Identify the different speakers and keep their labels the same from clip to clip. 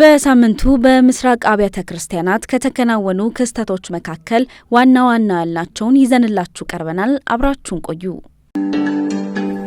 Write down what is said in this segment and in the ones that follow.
Speaker 1: በሳምንቱ በምስራቅ አብያተ ክርስቲያናት ከተከናወኑ ክስተቶች መካከል ዋና ዋና ያልናቸውን ይዘንላችሁ ቀርበናል። አብራችሁን ቆዩ።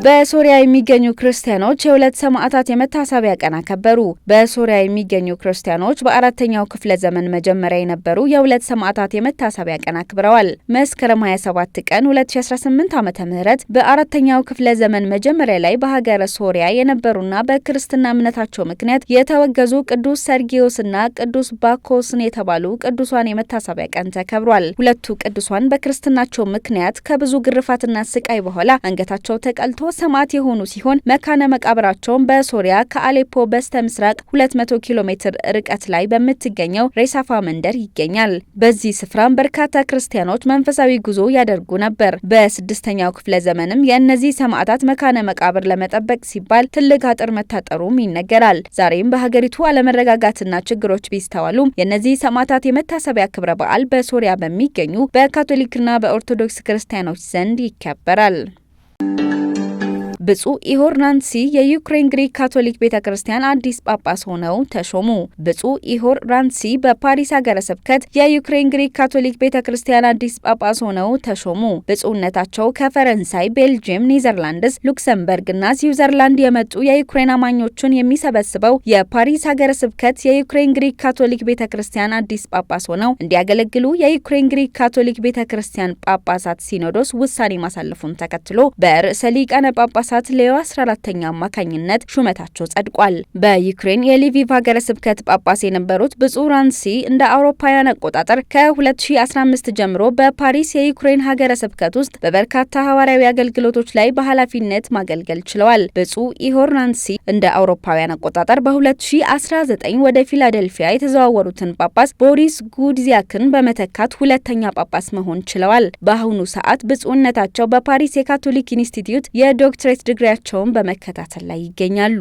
Speaker 1: በሶሪያ የሚገኙ ክርስቲያኖች የሁለት ሰማዕታት የመታሰቢያ ቀን አከበሩ። በሶሪያ የሚገኙ ክርስቲያኖች በአራተኛው ክፍለ ዘመን መጀመሪያ የነበሩ የሁለት ሰማዕታት የመታሰቢያ ቀን አክብረዋል። መስከረም 27 ቀን 2018 ዓ ም በአራተኛው ክፍለ ዘመን መጀመሪያ ላይ በሀገረ ሶሪያ የነበሩና በክርስትና እምነታቸው ምክንያት የተወገዙ ቅዱስ ሰርጊዮስና ቅዱስ ባኮስን የተባሉ ቅዱሷን የመታሰቢያ ቀን ተከብሯል። ሁለቱ ቅዱሷን በክርስትናቸው ምክንያት ከብዙ ግርፋትና ስቃይ በኋላ አንገታቸው ተቀልቶ ሰማዕት የሆኑ ሲሆን መካነ መቃብራቸውን በሶሪያ ከአሌፖ በስተ ምስራቅ 200 ኪሎ ሜትር ርቀት ላይ በምትገኘው ሬሳፋ መንደር ይገኛል። በዚህ ስፍራም በርካታ ክርስቲያኖች መንፈሳዊ ጉዞ ያደርጉ ነበር። በስድስተኛው ክፍለ ዘመንም የእነዚህ ሰማዕታት መካነ መቃብር ለመጠበቅ ሲባል ትልቅ አጥር መታጠሩም ይነገራል። ዛሬም በሀገሪቱ አለመረጋጋትና ችግሮች ቢስተዋሉም የእነዚህ ሰማዕታት የመታሰቢያ ክብረ በዓል በሶሪያ በሚገኙ በካቶሊክና በኦርቶዶክስ ክርስቲያኖች ዘንድ ይከበራል። ብፁዕ ራንሲ የዩክሬን ግሪክ ካቶሊክ ቤተ ክርስቲያን አዲስ ጳጳስ ሆነው ተሾሙ። ብፁዕ ኢሆር ራንሲ በፓሪስ ሀገረ ስብከት የዩክሬን ግሪክ ካቶሊክ ቤተ ክርስቲያን አዲስ ጳጳስ ሆነው ተሾሙ። ብፁዕነታቸው ከፈረንሳይ፣ ቤልጅየም፣ ኔዘርላንድስ፣ ሉክሰምበርግ እና ስዊዘርላንድ የመጡ የዩክሬን አማኞችን የሚሰበስበው የፓሪስ ሀገረ ስብከት የዩክሬን ግሪክ ካቶሊክ ቤተ ክርስቲያን አዲስ ጳጳስ ሆነው እንዲያገለግሉ የዩክሬን ግሪክ ካቶሊክ ቤተ ክርስቲያን ጳጳሳት ሲኖዶስ ውሳኔ ማሳለፉን ተከትሎ በርዕሰ ሊቃነ ጳጳሳት ነገስታት ሌዮ 14ተኛ አማካኝነት ሹመታቸው ጸድቋል። በዩክሬን የሊቪቭ ሀገረ ስብከት ጳጳስ የነበሩት ብፁዕ ራንሲ እንደ አውሮፓውያን አቆጣጠር ከ2015 ጀምሮ በፓሪስ የዩክሬን ሀገረ ስብከት ውስጥ በበርካታ ሐዋርያዊ አገልግሎቶች ላይ በኃላፊነት ማገልገል ችለዋል። ብፁዕ ኢሆር ራንሲ እንደ አውሮፓውያን አቆጣጠር በ2019 ወደ ፊላደልፊያ የተዘዋወሩትን ጳጳስ ቦሪስ ጉድዚያክን በመተካት ሁለተኛ ጳጳስ መሆን ችለዋል። በአሁኑ ሰዓት ብፁዕነታቸው በፓሪስ የካቶሊክ ኢንስቲትዩት የዶክትሬት ዲግሪያቸውን በመከታተል ላይ ይገኛሉ።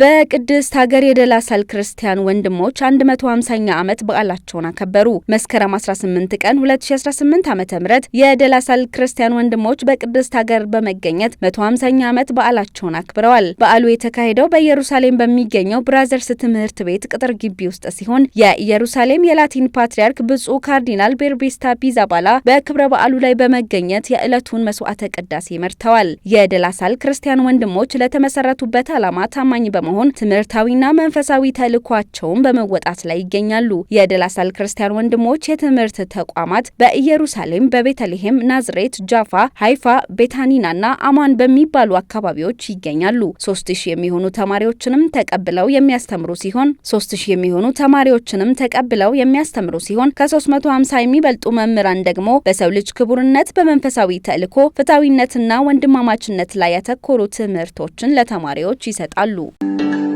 Speaker 1: በቅድስት ሀገር የደላሳል ክርስቲያን ወንድሞች 150ኛ ዓመት በዓላቸውን አከበሩ። መስከረም 18 ቀን 2018 ዓ ም የደላሳል ክርስቲያን ወንድሞች በቅድስት ሀገር በመገኘት 150ኛ ዓመት በዓላቸውን አክብረዋል። በዓሉ የተካሄደው በኢየሩሳሌም በሚገኘው ብራዘርስ ትምህርት ቤት ቅጥር ግቢ ውስጥ ሲሆን የኢየሩሳሌም የላቲን ፓትሪያርክ ብፁዕ ካርዲናል ቤርቤስታ ቢዛባላ በክብረ በዓሉ ላይ በመገኘት የዕለቱን መስዋዕተ ቅዳሴ መርተዋል። የደላሳል ክርስቲያን ወንድሞች ለተመሰረቱበት ዓላማ ታማኝ በ በመሆን ትምህርታዊና መንፈሳዊ ተልኳቸውን በመወጣት ላይ ይገኛሉ። የደላሳል ክርስቲያን ወንድሞች የትምህርት ተቋማት በኢየሩሳሌም፣ በቤተልሔም፣ ናዝሬት፣ ጃፋ፣ ሃይፋ፣ ቤታኒናና አማን በሚባሉ አካባቢዎች ይገኛሉ። ሶስት ሺህ የሚሆኑ ተማሪዎችንም ተቀብለው የሚያስተምሩ ሲሆን ሶስት ሺህ የሚሆኑ ተማሪዎችንም ተቀብለው የሚያስተምሩ ሲሆን ከ ሀምሳ የሚበልጡ መምህራን ደግሞ በሰው ልጅ ክቡርነት፣ በመንፈሳዊ ተልእኮ፣ ፍትሐዊነትና ወንድማማችነት ላይ ያተኮሩ ትምህርቶችን ለተማሪዎች ይሰጣሉ። Thank you.